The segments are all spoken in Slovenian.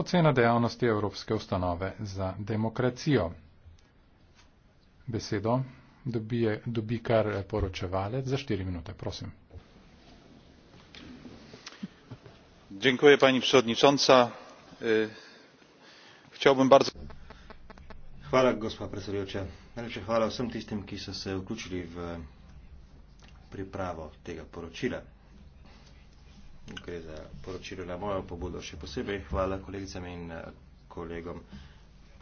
Ocena dejavnosti Evropske ustanove za demokracijo. Besedo dobi, dobi kar poročevalec za štiri minute, prosim. Dziękuję pani przewodnicząca. Chciałbym bardzo. Hvala, gospa predsedujoča. Najlepša hvala vsem tistim, ki so se vključili v pripravo tega poročila gre za poročilo na mojo pobudo. Še posebej hvala kolegicam in eh, kolegom,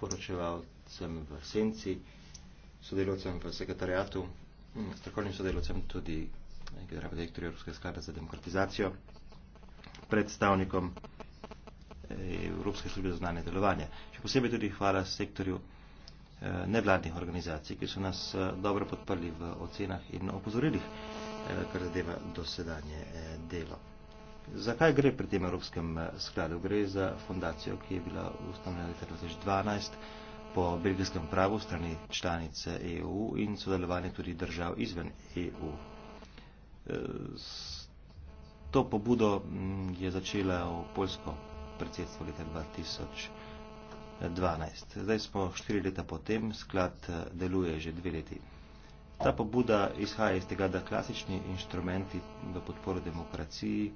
poročevalcem v Senci, sodelovcem v sekretariatu, mm, strokovnim sodelovcem tudi generalnemu direktorju Evropske sklada za demokratizacijo, predstavnikom eh, Evropske službe za znanje delovanje. Še posebej tudi hvala sektorju eh, nevladnih organizacij, ki so nas dobro podprli v ocenah in opozorilih, kar zadeva dosedanje delo. Zakaj gre pri tem Evropskem eh, skladu? Gre za fundacijo, ki je bila ustanovljena leta 2012 po belgijskem pravu strani članice EU in sodelovanje tudi držav izven EU. Eh, to pobudo mm, je začela v Poljsko predsedstvo leta 2012. Eh, Zdaj smo štiri leta potem, sklad deluje že dve leti. Ta pobuda izhaja iz tega, da klasični inštrumenti v podporo demokraciji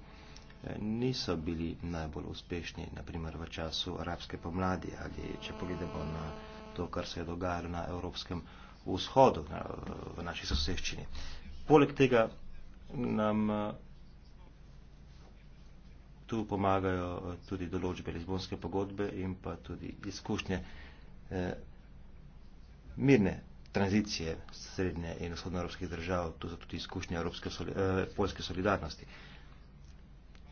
niso bili najbolj uspešni, naprimer v času arabske pomladi ali če pogledamo na to, kar se je dogajalo na Evropskem vzhodu, na, v naši soseščini. Poleg tega nam tu pomagajo tudi določbe Lizbonske pogodbe in pa tudi izkušnje eh, mirne tranzicije srednje in vzhodnoevropskih držav, tu so tudi izkušnje evropske soli, eh, poljske solidarnosti. Eh,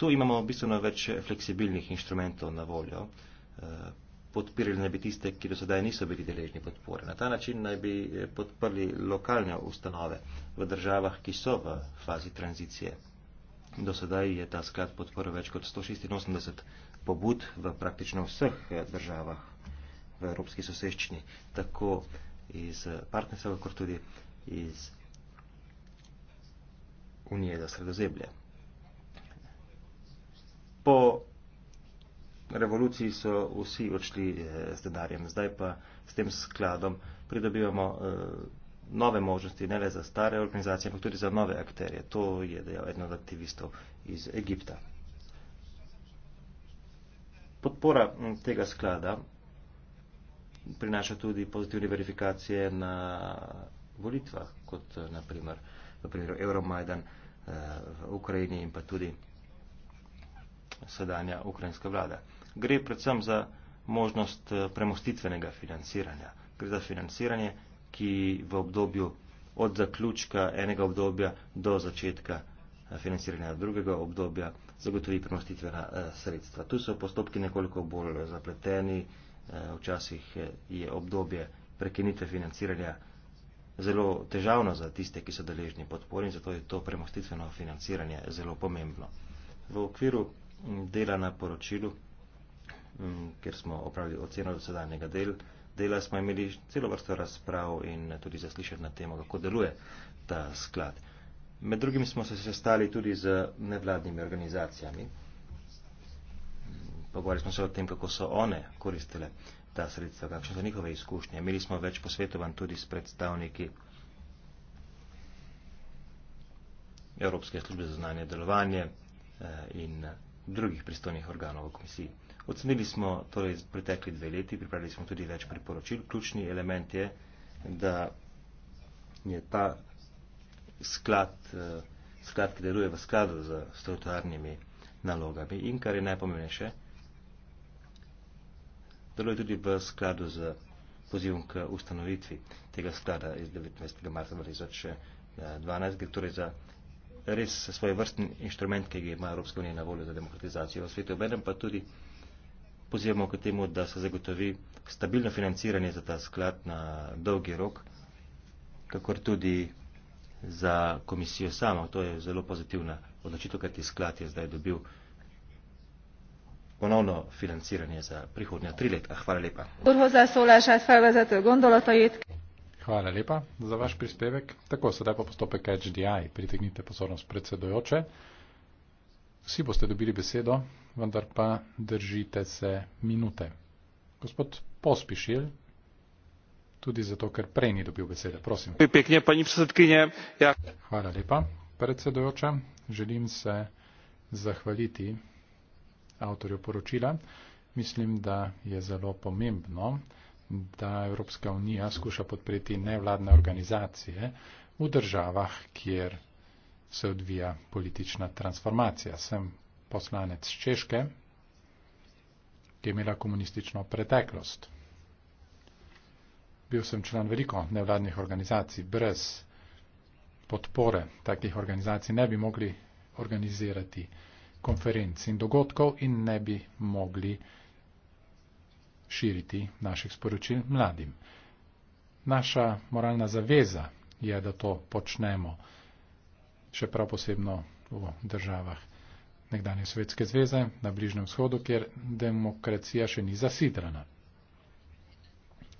Tu imamo bistveno več fleksibilnih inštrumentov na voljo. Eh, podpirali naj bi tiste, ki do sedaj niso bili deležni podpore. Na ta način naj bi eh, podprli lokalne ustanove v državah, ki so v fazi tranzicije. Do sedaj je ta sklad podporil več kot 186 pobud v praktično vseh eh, državah v evropski soseščini, tako iz partnerstva, kot tudi iz Unije za sredozemlje po revoluciji so vsi odšli z eh, denarjem. Zdaj pa s tem skladom pridobivamo eh, nove možnosti, ne le za stare organizacije, ampak tudi za nove akterje. To je dejal eden od aktivistov iz Egipta. Podpora mm, tega sklada prinaša tudi pozitivne verifikacije na volitvah, kot eh, naprimer v primeru Euromajdan v Ukrajini in pa tudi sedanja ukrajinska vlada. Gre predvsem za možnost eh, premostitvenega financiranja. Gre za financiranje, ki v obdobju od zaključka enega obdobja do začetka eh, financiranja drugega obdobja zagotovi premostitvena eh, sredstva. Tu so postopki nekoliko bolj zapleteni, včasih je obdobje prekinitve financiranja zelo težavno za tiste, ki so deležni podpori in zato je to premostitveno financiranje zelo pomembno. V okviru dela na poročilu, mm, ker smo opravili oceno do sedanjega del, dela, smo imeli celo vrsto razprav in tudi zaslišati na temo, kako deluje ta sklad. Med drugim smo se sestali tudi z nevladnimi organizacijami. Pogovarjali smo se o tem, kako so one koristile ta sredstva, kakšne so njihove izkušnje. Imeli smo več posvetovanj tudi s predstavniki Evropske službe za znanje delovanje eh, in drugih pristojnih organov v komisiji. Ocenili smo torej pretekli dve leti, pripravili smo tudi več priporočil. Ključni element je, da je ta sklad, eh, sklad ki deluje v skladu z strukturnimi nalogami in kar je najpomembnejše, deluje tudi v skladu z pozivom k ustanovitvi tega sklada iz 19. marca 2012, eh, gre torej za res svoj vrstni inštrument, ki ga ima Evropska unija na voljo za demokratizacijo v svetu. Obenem pa tudi pozivamo k temu, da se zagotovi stabilno financiranje za ta sklad na dolgi rok, kakor tudi za komisijo samo. To je zelo pozitivna odločitev, ker ti sklad je zdaj dobil ponovno financiranje za prihodnja tri leta. Hvala lepa. Hvala lepa za vaš prispevek. Tako, sedaj pa postopek HDI. Pritegnite pozornost predsedojoče. Vsi boste dobili besedo, vendar pa držite se minute. Gospod Pospišil, tudi zato, ker prej ni dobil besede. Prosim. Pekne, pa ni ja. Hvala lepa, predsedojoča. Želim se zahvaliti avtorju poročila. Mislim, da je zelo pomembno, da Evropska unija skuša podpreti nevladne organizacije v državah, kjer se odvija politična transformacija. Sem poslanec Češke, ki je imela komunistično preteklost. Bil sem član veliko nevladnih organizacij. Brez podpore takih organizacij ne bi mogli organizirati konferenc in dogodkov in ne bi mogli širiti naših sporočil mladim. Naša moralna zaveza je, da to počnemo, še prav posebno v državah nekdanje Sovjetske zveze na Bližnjem vzhodu, kjer demokracija še ni zasidrana.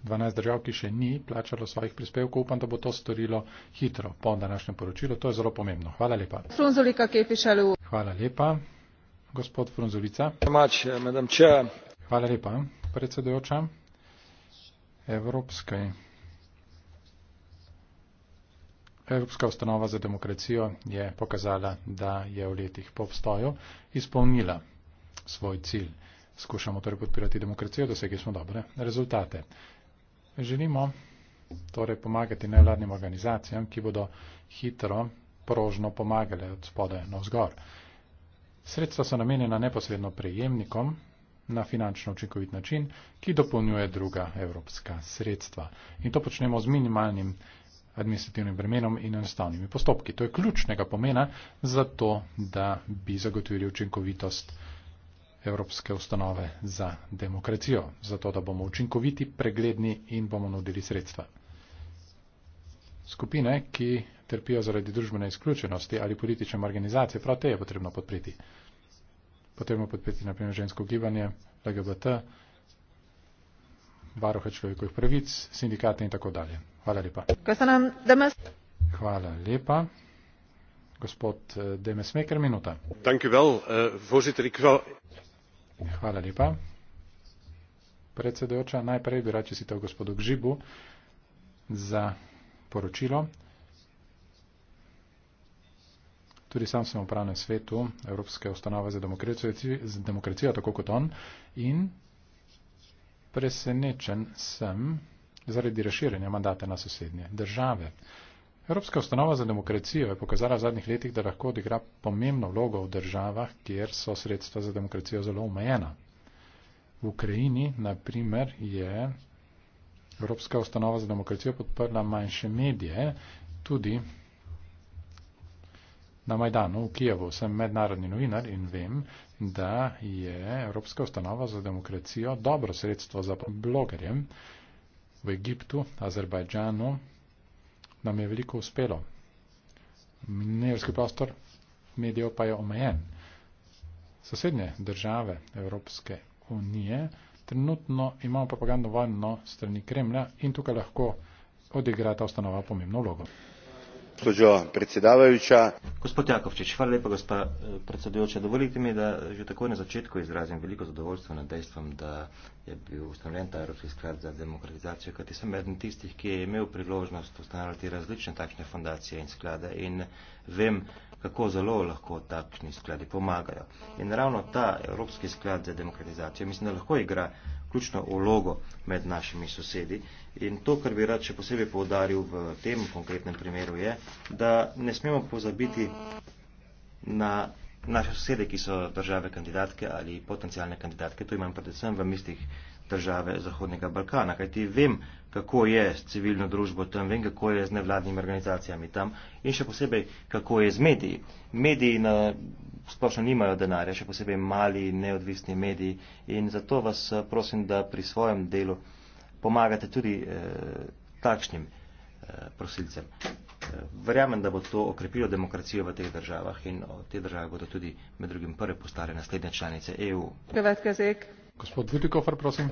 12 držav, ki še ni plačalo svojih prispevkov, upam, da bo to storilo hitro po današnjem poročilu. To je zelo pomembno. Hvala lepa. Frunzulika, ki je pišala v. Hvala lepa, gospod Frunzulica. Uh, Hvala lepa predsedujoča, Evropskej. Evropska ustanova za demokracijo je pokazala, da je v letih po obstoju izpolnila svoj cilj. Skušamo torej podpirati demokracijo, dosegli smo dobre rezultate. Želimo torej pomagati nevladnim organizacijam, ki bodo hitro, prožno pomagale od spode na vzgor. Sredstva so namenjena neposredno prejemnikom na finančno očekovit način, ki dopolnjuje druga evropska sredstva. In to počnemo z minimalnim administrativnim bremenom in enostavnimi postopki. To je ključnega pomena za to, da bi zagotovili učinkovitost Evropske ustanove za demokracijo, zato da bomo učinkoviti, pregledni in bomo nudili sredstva. Skupine, ki trpijo zaradi družbene izključenosti ali politične marginalizacije, prav te je potrebno podpreti potrebno podpreti naprimer žensko gibanje, LGBT, varuha človekovih pravic, sindikate in tako dalje. Hvala lepa. Hvala lepa. Gospod eh, Demesmeker, minuta. Eh, Hvala lepa. Predsedujoča, najprej bi rad čestital gospodu Gžibu za poročilo. Tudi sam sem v pravnem svetu Evropske ustanove za demokracijo, za demokracijo tako kot on, in presenečen sem zaradi razširjanja mandata na sosednje države. Evropska ustanova za demokracijo je pokazala v zadnjih letih, da lahko odigra pomembno vlogo v državah, kjer so sredstva za demokracijo zelo omejena. V Ukrajini, na primer, je Evropska ustanova za demokracijo podprla manjše medije, tudi na Majdanu v Kijevu. Sem mednarodni novinar in vem, da je Evropska ustanova za demokracijo dobro sredstvo za blogerje v Egiptu, Azerbajdžanu. Nam je veliko uspelo. Minerski prostor medijev pa je omejen. Sosednje države Evropske unije trenutno imamo propagandno vojno strani Kremlja in tukaj lahko odigra ta ustanova pomembno vlogo gospođo predsjedavajuća gospod jakovčić hvala lijepa gospa eh, predsjedavajuća dovolite mi da že tako na začetku izrazim veliko zadovoljstvo nad dejstvom da je bil ustanovljen ta evropski sklad za demokratizacijo kajti sem eden tistih ki je imel priložnost ustanavljati različne takšne fundacije in sklade in vem kako zelo lahko takšni skladi pomagajo in ravno ta evropski sklad za demokratizacijo mislim da lahko igra ključno ulogo med našimi sosedi. In to, kar bi rad še posebej poudaril v tem konkretnem primeru, je, da ne smemo pozabiti na naše sosede, ki so države kandidatke ali potencijalne kandidatke. To imam predvsem v mislih države Zahodnega Balkana. Kaj ti vem, kako je s civilno družbo tam, vem, kako je z nevladnimi organizacijami tam in še posebej, kako je z mediji. Mediji na, splošno nimajo denarja, še posebej mali neodvisni mediji in zato vas eh, prosim, da pri svojem delu pomagate tudi eh, takšnim eh, prosilcem. Eh, verjamem, da bo to okrepilo demokracijo v teh državah in te države bodo tudi med drugim prve postale naslednje članice EU. Hrvatska zek gospod bütikofer prosim.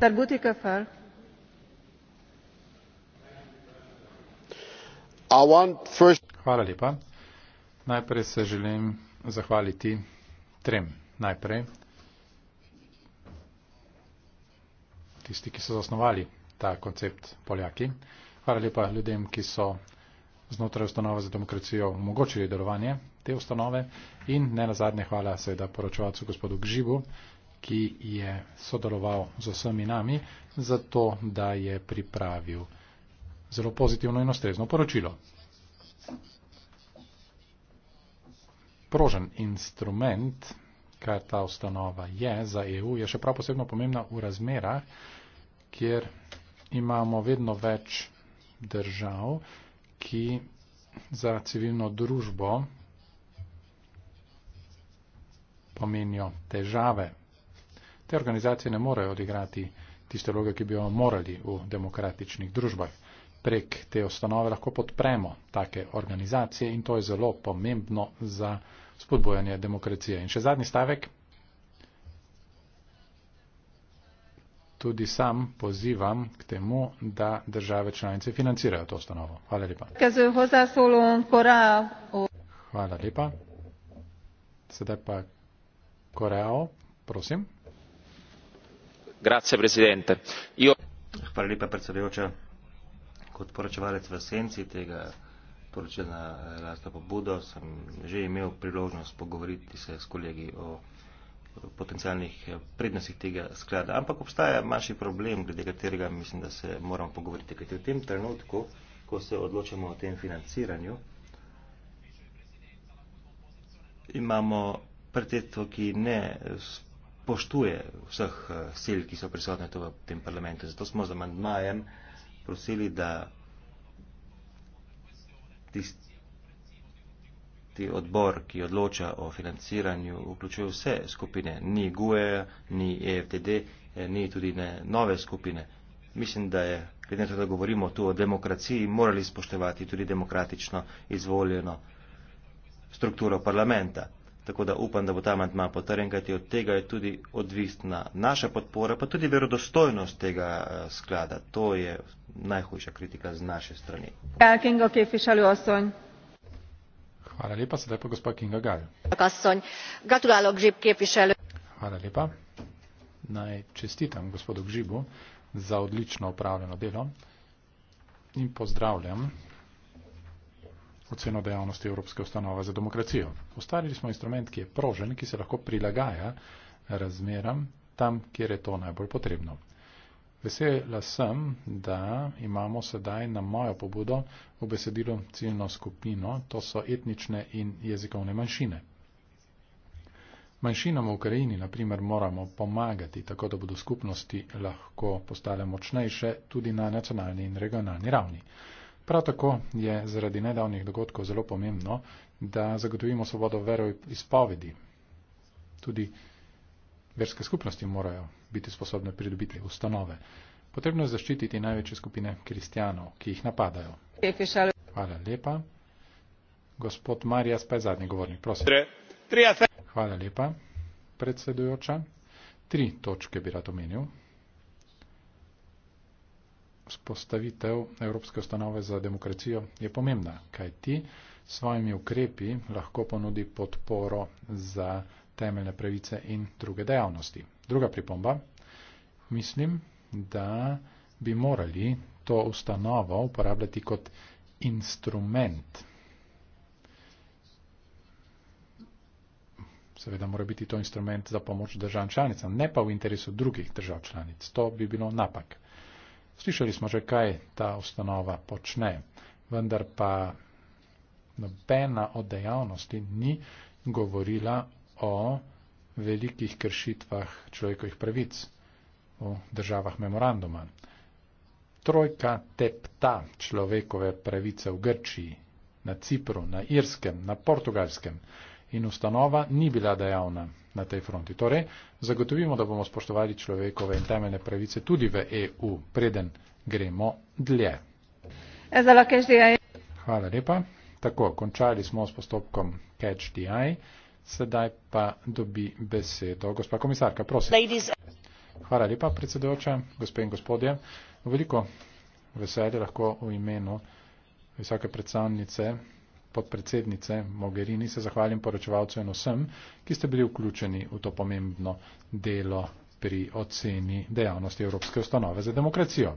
hvala lepa. najprej se želim zahvaliti trem najprej tisti, ki so zasnovali ta koncept Poljaki. Hvala lepa ljudem, ki so znotraj ustanove za demokracijo omogočili delovanje te ustanove in ne nazadnje hvala seveda poročevalcu gospodu Gžibu, ki je sodeloval z vsemi nami, zato da je pripravil zelo pozitivno in ustrezno poročilo. Prožen instrument, kar ta ustanova je za EU, je še prav posebno pomembna v razmerah, kjer imamo vedno več držav, ki za civilno družbo pomenijo težave. Te organizacije ne morejo odigrati tiste vloge, ki bi jo morali v demokratičnih družbah. Prek te ustanove lahko podpremo take organizacije in to je zelo pomembno za spodbojanje demokracije. In še zadnji stavek. Tudi sam pozivam k temu, da države članice financirajo to ustanovo. Hvala lepa. Hvala lepa. Sedaj pa Koreo, prosim hvala lepa predsedujoča kot poročevalec v senci tega poročila na lastno pobudo sem že imel priložnost pogovoriti se s kolegi o potencialnih prednostih tega sklada ampak obstaja manjši problem glede katerega mislim da se moramo pogovoriti kajti v tem trenutku ko se odločamo o tem financiranju imamo prtetvo ki ne poštuje vseh eh, sil, ki so prisotne v tem parlamentu. Zato smo z amandmajem prosili, da tisti odbor, ki odloča o financiranju, vključuje vse skupine, ni GUE, ni EFTD, eh, ni tudi ne nove skupine. Mislim, da je, glede na to, da govorimo tu o demokraciji, morali spoštovati tudi demokratično izvoljeno strukturo parlamenta. Tako da upam, da bo ta amantma potrjen, kajti od tega je tudi odvisna naša podpora, pa tudi verodostojnost tega eh, sklada. To je najhujša kritika z naše strani. Ja, Hvala lepa, sedaj pa gospod Kinga Gal. Hvala lepa. Naj čestitam gospodu Gžibu za odlično upravljeno delo in pozdravljam oceno dejavnosti Evropske ustanove za demokracijo. Postavili smo instrument, ki je prožen, ki se lahko prilagaja razmeram tam, kjer je to najbolj potrebno. Vesela sem, da imamo sedaj na mojo pobudo v besedilu ciljno skupino, to so etnične in jezikovne manjšine. Manjšinam v Ukrajini, na primer, moramo pomagati, tako da bodo skupnosti lahko postale močnejše tudi na nacionalni in regionalni ravni. Prav tako je zaradi nedavnih dogodkov zelo pomembno, da zagotovimo svobodo veroizpovedi. Tudi verske skupnosti morajo biti sposobne pridobiti ustanove. Potrebno je zaščititi največje skupine kristijanov, ki jih napadajo. Hvala lepa. Gospod Marijas pa je zadnji govornik. Prosim. Hvala lepa, predsedujoča. Tri točke bi rad omenil vzpostavitev Evropske ustanove za demokracijo je pomembna, kaj ti s svojimi ukrepi lahko ponudi podporo za temeljne pravice in druge dejavnosti. Druga pripomba. Mislim, da bi morali to ustanovo uporabljati kot instrument. Seveda mora biti to instrument za pomoč državam članicam, ne pa v interesu drugih držav članic. To bi bilo napak. Slišali smo že, kaj ta ustanova počne, vendar pa nobena od dejavnosti ni govorila o velikih kršitvah človekovih pravic v državah memoranduma. Trojka tepta človekove pravice v Grčiji, na Cipru, na Irskem, na Portugalskem in ustanova ni bila dejavna na tej fronti. Torej, zagotovimo, da bomo spoštovali človekove in temeljne pravice tudi v EU, preden gremo dlje. Hvala lepa. Tako, končali smo s postopkom Catch the Eye. Sedaj pa dobi besedo gospa komisarka. Prosim. Hvala lepa, predsedujoča, gospe in gospodje. Veliko veselje lahko v imenu visoke predstavnice podpredsednice Mogherini, se zahvalim poročevalcu in vsem, ki ste bili vključeni v to pomembno delo pri oceni dejavnosti Evropske ustanove za demokracijo.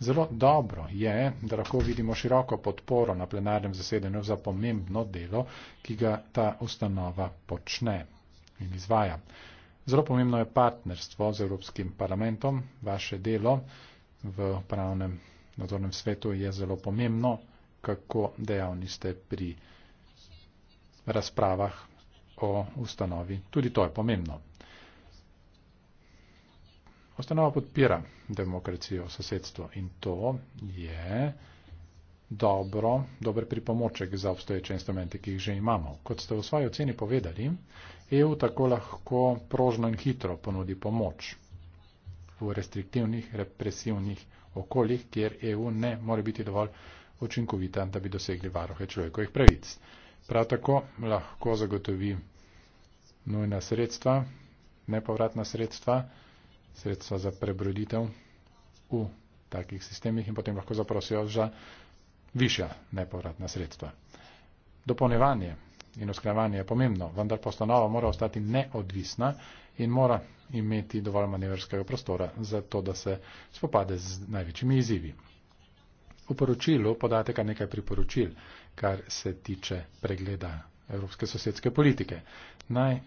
Zelo dobro je, da lahko vidimo široko podporo na plenarnem zasedanju za pomembno delo, ki ga ta ustanova počne in izvaja. Zelo pomembno je partnerstvo z Evropskim parlamentom, vaše delo v pravnem nadzornem svetu je zelo pomembno, kako dejavni ste pri razpravah o ustanovi. Tudi to je pomembno. Ustanova podpira demokracijo, sosedstvo in to je dobro, dober pripomoček za obstoječe instrumente, ki jih že imamo. Kot ste v svoji oceni povedali, EU tako lahko prožno in hitro ponudi pomoč v restriktivnih, represivnih okoljih, kjer EU ne more biti dovolj učinkovita, da bi dosegli varohe človekovih pravic. Prav tako lahko zagotovi nujna sredstva, nepovratna sredstva, sredstva za prebroditev v takih sistemih in potem lahko zaprosijo za višja nepovratna sredstva. Dopolnevanje in usklajevanje je pomembno, vendar postanova mora ostati neodvisna in mora imeti dovolj manevrskega prostora za to, da se spopade z največjimi izzivi v poročilu podate kar nekaj priporočil, kar se tiče pregleda Evropske sosedske politike. Naj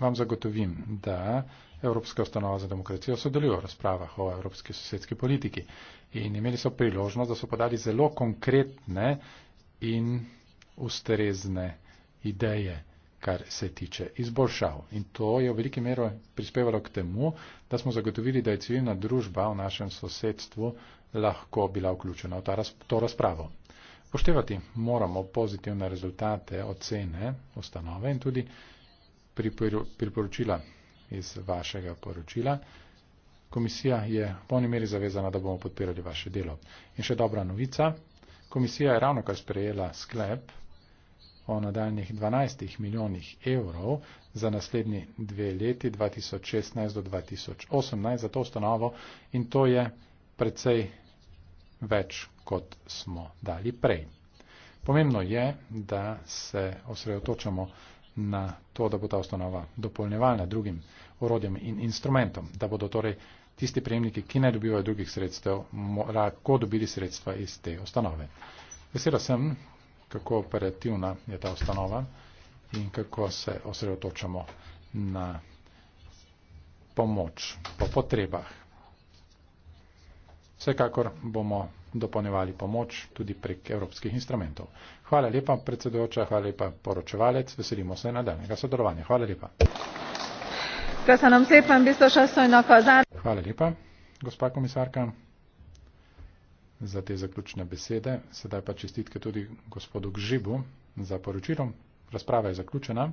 vam zagotovim, da Evropska ustanova za demokracijo sodeluje v razpravah o Evropski sosedski politiki in imeli so priložnost, da so podali zelo konkretne in ustrezne ideje kar se tiče izboljšav. In to je v veliki meri prispevalo k temu, da smo zagotovili, da je civilna družba v našem sosedstvu uh, lahko bila vključena v ta, to razpravo. Poštevati moramo pozitivne rezultate ocene ustanove in tudi priporočila iz vašega poročila. Komisija je v polni meri zavezana, da bomo podpirali vaše delo. In še dobra novica. Komisija je ravno kar sprejela sklep o nadaljnih 12 milijonih evrov za naslednji dve leti 2016 do 2018 za to ustanovo in to je precej več, kot smo dali prej. Pomembno je, da se osredotočamo na to, da bo ta ustanova dopolnjevalna drugim orodjem in instrumentom, da bodo torej tisti prejemniki, ki ne dobivajo drugih sredstev, lahko dobili sredstva iz te ustanove. Vesela sem, kako operativna je ta ustanova in kako se osredotočamo na pomoč po potrebah. Vsekakor bomo dopolnevali pomoč tudi prek evropskih instrumentov. Hvala lepa, predsedujoča, hvala lepa, poročevalec. Veselimo se nadaljnega sodelovanja. Hvala lepa. Hvala lepa, gospa komisarka, za te zaključne besede. Sedaj pa čestitke tudi gospodu Gžibu za poročilo. Razprava je zaključena.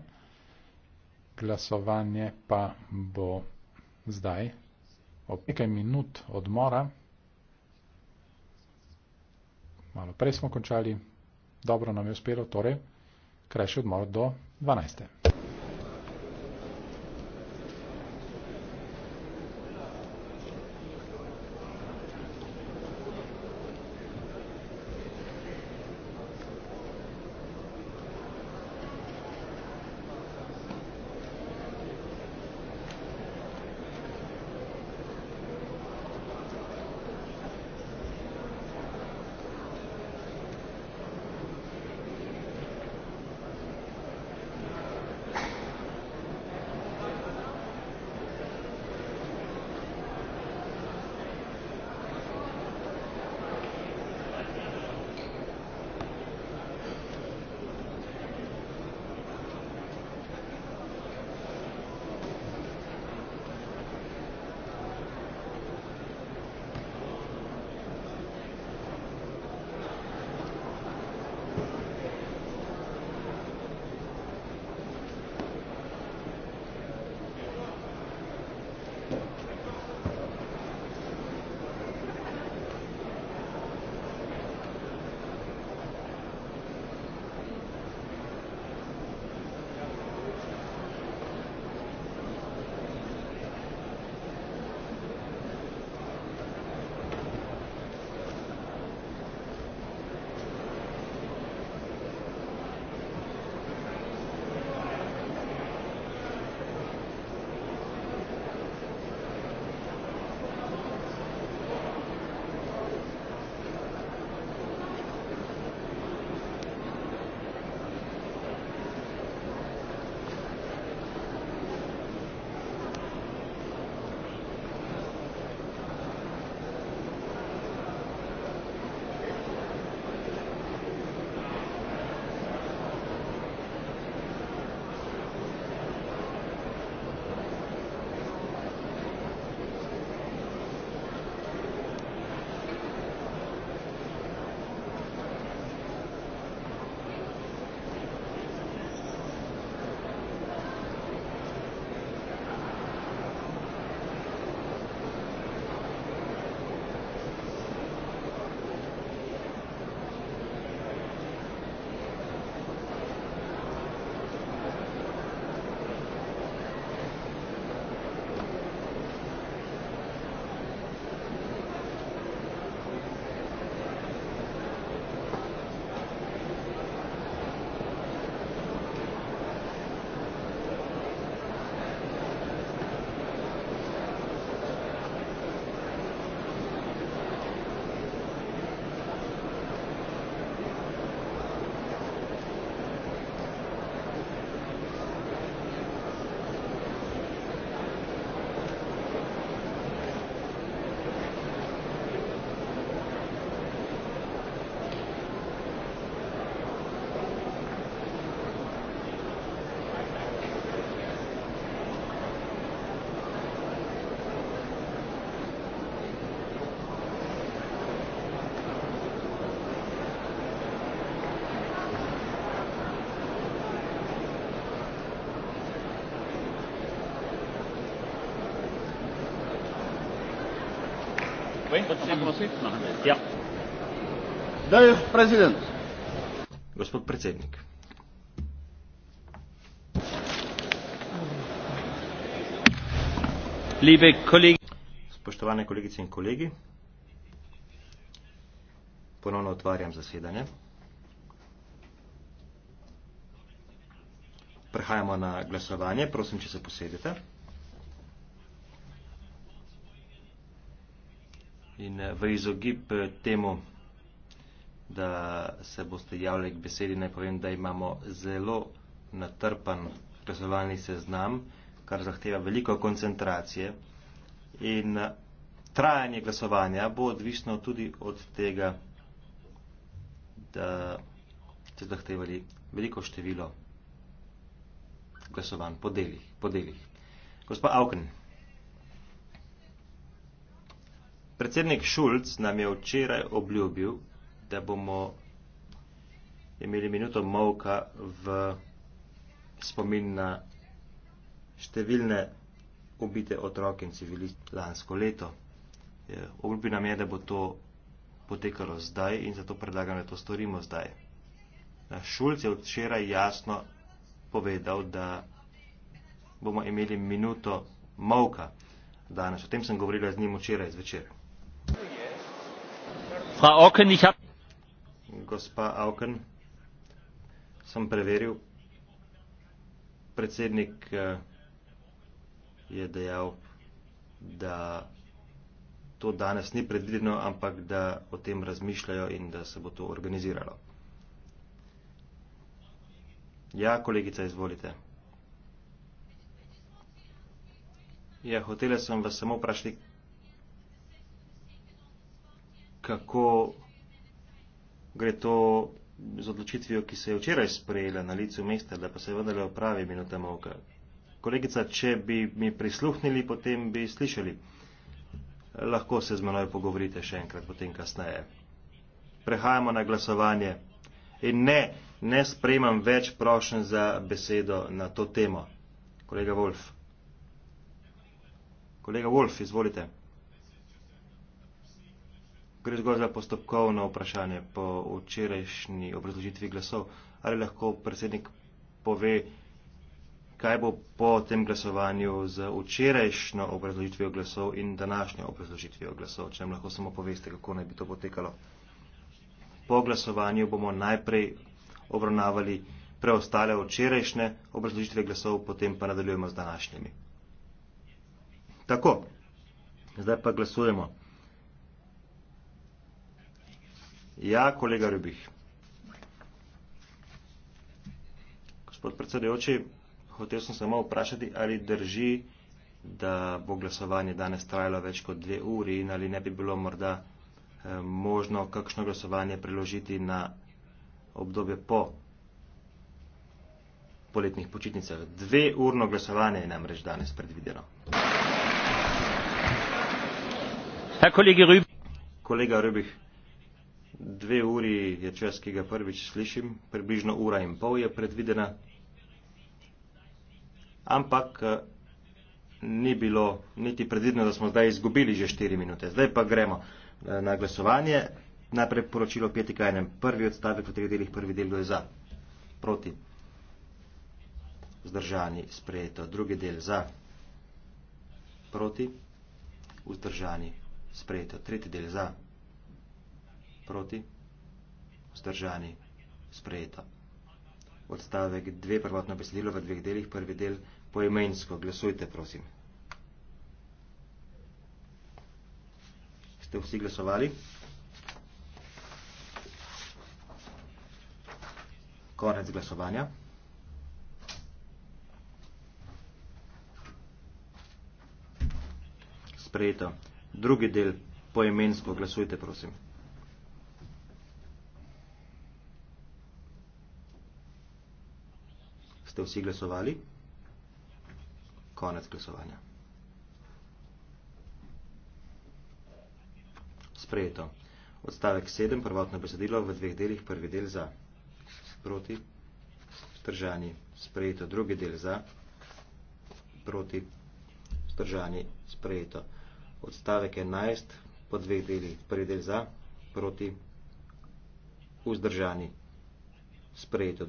Glasovanje pa bo zdaj ob nekaj minut odmora malo prej smo končali, dobro nam je uspelo, torej krajši odmor do 12. Ja. Da je predsednik. Gospod predsednik. Lepe kolegi. Spoštovane kolegice in kolegi, ponovno otvarjam zasedanje. Prehajamo na glasovanje, prosim, če se posedete. In eh, v izogib eh, temu, da se boste javljali k besedi, naj povem, da imamo zelo natrpan glasovalni seznam, kar zahteva veliko koncentracije. In eh, trajanje glasovanja bo odvisno tudi od tega, da ste zahtevali veliko število glasovanj po delih. Po delih. Gospa Auken. Predsednik Šulc nam je včeraj obljubil, da bomo imeli minuto molka v spomin na številne ubite otroke in civiliste lansko leto. Obljubil nam je, da bo to potekalo zdaj in zato predlagam, da to storimo zdaj. Šulc je včeraj jasno povedal, da bomo imeli minuto molka danes. O tem sem govorila z njim včeraj zvečer. Frau Auken, ich habe. Gospa Auken, sem preveril. Predsednik eh, je dejal, da to danes ni predvideno, ampak da o tem razmišljajo in da se bo to organiziralo. Ja, kolegica, izvolite. Ja, hotela sem vas samo vprašati, kako gre to z odločitvijo, ki se je včeraj sprejela na licu mesta, da pa se vendarle opravi minuta moka. Kolegica, če bi mi prisluhnili, potem bi slišali. Lahko se z menoj pogovorite še enkrat, potem kasneje. Prehajamo na glasovanje. In ne, ne sprejemam več prošen za besedo na to temo. Kolega Wolf. Kolega Wolf, izvolite. Gre zgolj za postopkovno vprašanje po včerajšnji obrazložitvi glasov. Ali lahko predsednik pove, kaj bo po tem glasovanju z včerajšnjo obrazložitvijo glasov in današnjo obrazložitvijo glasov? Če nam lahko samo poveste, kako naj bi to potekalo. Po glasovanju bomo najprej obravnavali preostale včerajšnje obrazložitve glasov, potem pa nadaljujemo z današnjimi. Tako, zdaj pa glasujemo. Ja, kolega Rebih. Gospod predsedajoči, hotel sem samo vprašati, ali drži, da bo glasovanje danes trajalo več kot dve uri in ali ne bi bilo morda eh, možno kakšno glasovanje preložiti na obdobje po poletnih počitnicah. Dve urno glasovanje je namreč danes predvideno. Herr kolega Rübih. Kolega Rübih. Dve uri je čas, ki ga prvič slišim, približno ura in pol je predvidena, ampak eh, ni bilo niti predvidno, da smo zdaj izgubili že štiri minute. Zdaj pa gremo eh, na glasovanje. Najprej poročilo peti kajnem. Prvi odstavek v treh delih, prvi del je za. Proti. Zdržani, sprejeto. Drugi del za. Proti. Vzdržani, sprejeto. Tretji del za proti, vzdržani, sprejeta. Odstavek dve prvotno besedilo v dveh delih, prvi del poimensko, glasujte prosim. Ste vsi glasovali? Konec glasovanja. Sprejeto. Drugi del poimensko, glasujte prosim. Ste vsi glasovali? Konec glasovanja. Sprejeto. Odstavek 7, prvotno besedilo, v dveh delih, prvi del za, proti, vzdržani, sprejeto, drugi del za, proti, vzdržani, sprejeto. Odstavek 11, po dveh delih, prvi del za, proti, vzdržani, sprejeto.